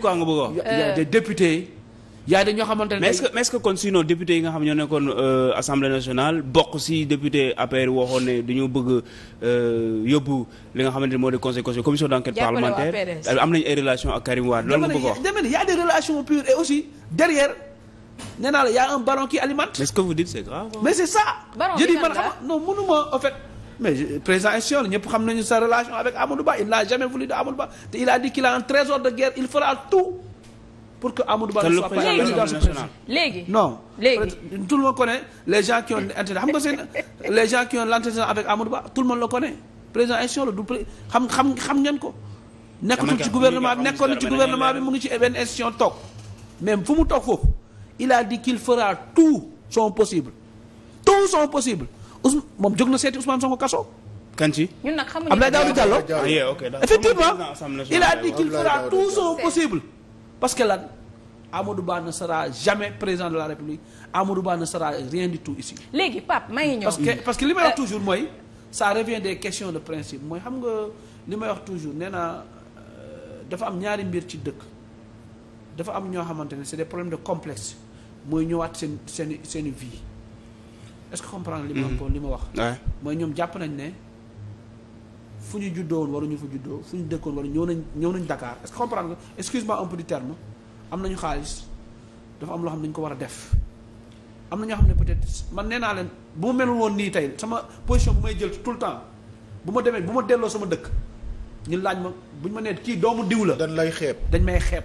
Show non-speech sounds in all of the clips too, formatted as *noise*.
quoi nga bëgg a wax. y a des députés. y a ne kon euh, assemblée nationale bokk si député APR waxoon ne dañoo bëgg euh, yóbbu li nga xamante ne moo di conseil conseil commission d'enquête parlementaire am nañu ay relations ak Karim loolu nga bëgg a wax. y a des relations pures et aussi derrière. nee la y a un ballon qui mais ce que vous dites man non mënuma en fait. mais président institution ñëpp xam nañu sa relation avec Amadou Ba il n'a jamais voulu de Amadou il a dit qu'il a un trésor de guerre il fera tout pour que Amadou Ba ne soit pas léegi non tout le monde connaît les gens qui ont intérêt xam nga seen les gens qui ont l'intérêt avec Amadou Ba tout le monde le connaît président institution la du xam xam xam ngeen ko nekkatul ci gouvernement bi nekkoon na ci gouvernement bi mu ngi ci benn institution toog mais fu mu toog foofu il a dit qu'il fera tout son possible tout son possible Ousmane moom jóg na seeti Ousmane Sonko kaso. kan ci ñun nag xamuñu Abdoulaye Daouda Diallo ah, effectivement il a dit qu'il fera tout son possible parce que lan Amadou Ba ne sera jamais président de la République Amadou Ba ne sera rien du tout ici. léegi Pape maa ngi ñëw. parce que parce que li may wax euh, toujours mooy ça revient des questions de principe mooy xam nga li may wax toujours nee naa euh, dafa am ñaari mbir ci dëkk dafa am ñoo xamante ne c'est des problèmes de complexe mooy ñëwaat seen seen seen vie. est-ce que comprendre li ma ko mhm. li ma wax mooy ñoom jàpp nañ ne fu ñu juddoo woon waruñu fa juddoo fu ñu dëkkoon ñëw nañ ñëw nañ Dakar est-ce que comprendre nga excuse-moi am nañu xaalis dafa am loo xam ne dañu ko war a def am na xam ne peut-être man nee naa leen bu ma melul woon nii tey sama position bu may jël tout le temps bu ma demee bu ma delloo sama dëkk ñu laaj ma buñ ma nee kii doomu diw la dañ lay xeeb dañ may xeeb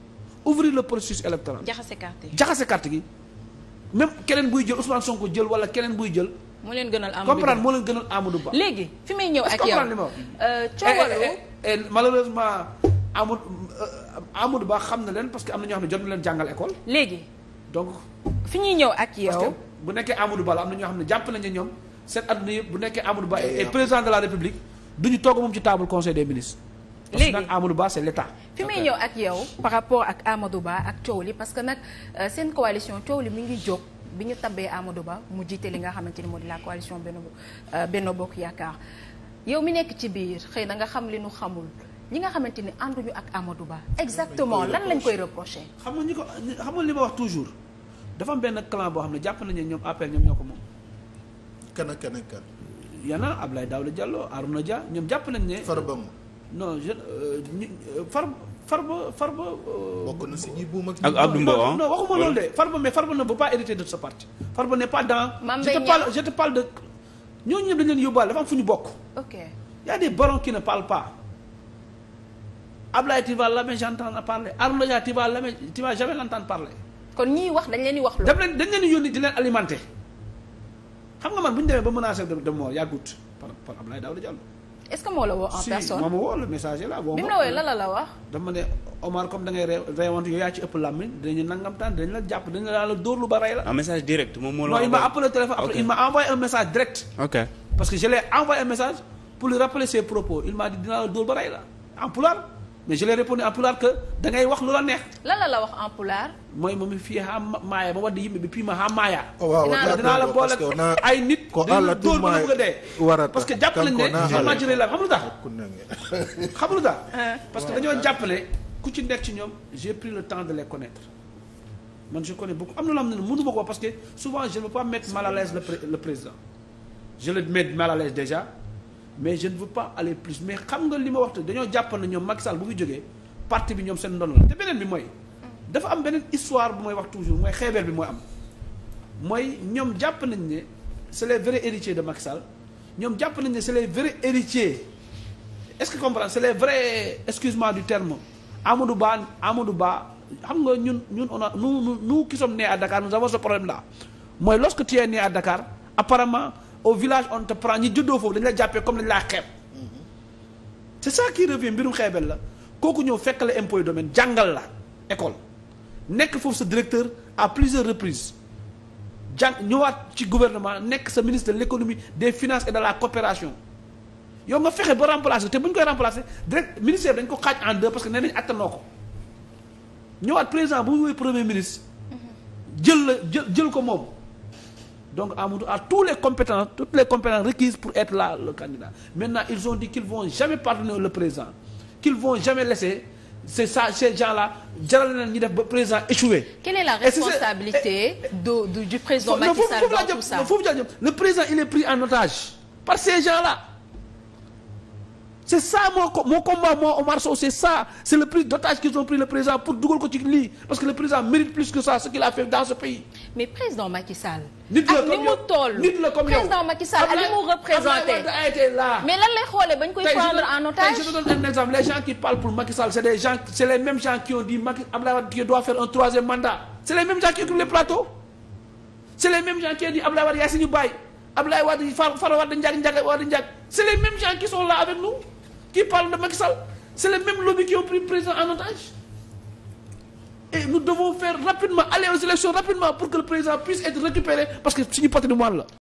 ouvrir le processus électoral. jaxase carte yi jaxase carte gi même keneen buy jël Ousmane Sonko jël wala keneen buy jël. moo leen gënal Amadou Ba comprendre moo leen gënal Amadou Ba. léegi fi may ñëw ak yow euh, coowalu eh, eh, eh, malheureusement Amadou euh, Amadou Ba xam na leen parce que am na ñoo xam ne jot na leen jàngal école. léegi donc. fi ñuy ñëw ak yow bu nekkee Amadou Ba la am na ñoo xam ne jàpp nañ ne ñoom seen adduna yëpp bu nekkee Amadou Ba. et président de la République ñu toog moom ci taabu conseil des ministres. léegi Amadou Ba c'est l'État. fi may ñëw ak yow par rapport ak Amadou Ba ak coow li parce que nag euh, seen coalition coow li mi ngi jóg bi ñu tabbee Amadou Ba mu jiite li nga xamante ni moo di la coalition Benno euh, Benno Bokk Yaakaar yow mi nekk ci biir xëy na nga xam li nu xamul ñi nga xamante ni ànduñu ak Amadou Ba. exactement lan lañ koy reprocher xam nga ñi ko xam nga li ma wax toujours dafa am benn clan boo xam ne jàpp nañu ñoom appel ñoom ñoo ko moom. kan ak kan ak kan. yana Ablaye Daouda Diallo Arouna Dia ñoom jàpp nañ ne. Farba Ngom non je euh, euh, Farba Farba Farba. Euh, bokk na si ñi buum ak. ak Abdou Mbow non ah. waxuma loolu de Farba mais Farba ne veut pas hériter de ce parti. Farba n'est pas dans. je te ñooñu ñëpp dañ leen yóbbaale dafa am fu ñu bokk. ok y a des barons qui ne parlent pas. Ablaye tu vas jamais j'entends parler Arnaud Dia tu vas jamais tu vas jamais l'entendre kon ñiy wax dañ leen di wax. daf dañ leen di yónni di leen alimenter xam nga man bu ñu demee ba menacer de de mort yàggut par par daaw Daouda Diallo. est-ce que moo la woo en personne si ma woo le messager la woo bi mu la wooyee la la la wax dama ne Omar comme da ngay reewante yooyu yaa ci ëpp làmmiñ dinañu nangam taan dinañ la jàpp dinañ la la dóorlu ba rey la message direct moom moo la non il m'a appelé téléphone il m'a envoyé un message direct ok parce que je l'ai envoyé un message pour lui rappeler ses propos il m'a dit dinaa la dóor ba rey la en pulaar mais je lui ai répondu que da wax lu la neex. lan la la wax en pulaar. mooy moom fii xam maaya ba war di yimbi bi fii ma xam maaya. Oh, dinaa la boole ay nit. ko àll tuur ma bëgg a dee. parce que jàppale ne imaginer la xam lu tax. xam lu tax *laughs* ah. parce que dañoo jàppale ku ci nekk ci ñoom j'ai pris le temps de les connaître. man je connais beaucoup am na loo xam ne mënu ma ko parce que souvent je ne veux pas mettre mal à le président je le mets mal à l'aise déjà. mais je ne veux pas aller plus mais xam nga li ma wax te dañoo jàpp na ñoom Macky Sall bu fi jógee parti bi ñoom seen ndono la te beneen bi mooy. dafa am beneen histoire bu may wax toujours mooy xeebeer bi mooy am mooy ñoom jàpp nañ ne c'est les vrais héritiers de Macky Sall ñoom jàpp nañ ne c'est les vrais héritiers est-ce que comprendre c'est les vrais excuse-moi du terme Amadou Ba Amadou Ba xam nga ñun ñun on a nous nous nous qui sommes nés à Dakar nous mooy lorsque tu es né au village on te prend ñi juddoo foofu dañ la jàppee comme dañ laa xeeb c'est ça qui revient mbirum xeebel la kooku ñëw fekk la impôt domaine jàngal la école nekk foofu sa directeur à plusieurs reprises jàng ñëwaat ci gouvernement nekk sa ministre de l'économie des finances et de la coopération yow nga fexe ba remplacer te bu ñu koy remplacer direct ministère dañ ko xaaj en deux parce que nee nañ attanoo ko ñëwaat président bu muy premier ministre jël la jël jël ko moom donc Amadou a tous les compétences toutes les compétences requises pour être là le candidat maintenant ils ont dit qu'ils vont jamais pardonner le président qu'ils vont jamais laisser c'est ces gens-là jaral na ñu def ba président échoué. quelle est la responsabilité du du président Macky Sall dans tout le président il est pris en otage par ces gens-là. c'est ça moo ko moo combat moo Omar Sow c'est ça c'est le prix d'otage qu'ils ont pris le président pour dugal ko ci lii parce que le président mérite plus que ça ce qu'il a fait dans ce pays. mais nit la comme yow ak ni mu toll président Macky ak li mu représenté mais lan lay xoolee bañ koy prendre en otage. tey je te donne un exemple les gens qui parlent pour Macky Sall c'est des gens c'est les mêmes gens qui ont dit Macky Abdoulaye Wade qui doit faire un troisième mandat c'est les mêmes gens qui occupent qui parle de Macky Sall c'est le même lobby qui a pris président en otage et nous devons faire rapidement aller aux élections rapidement pour que le président puisse être récupéré parce que suñu patrimoine la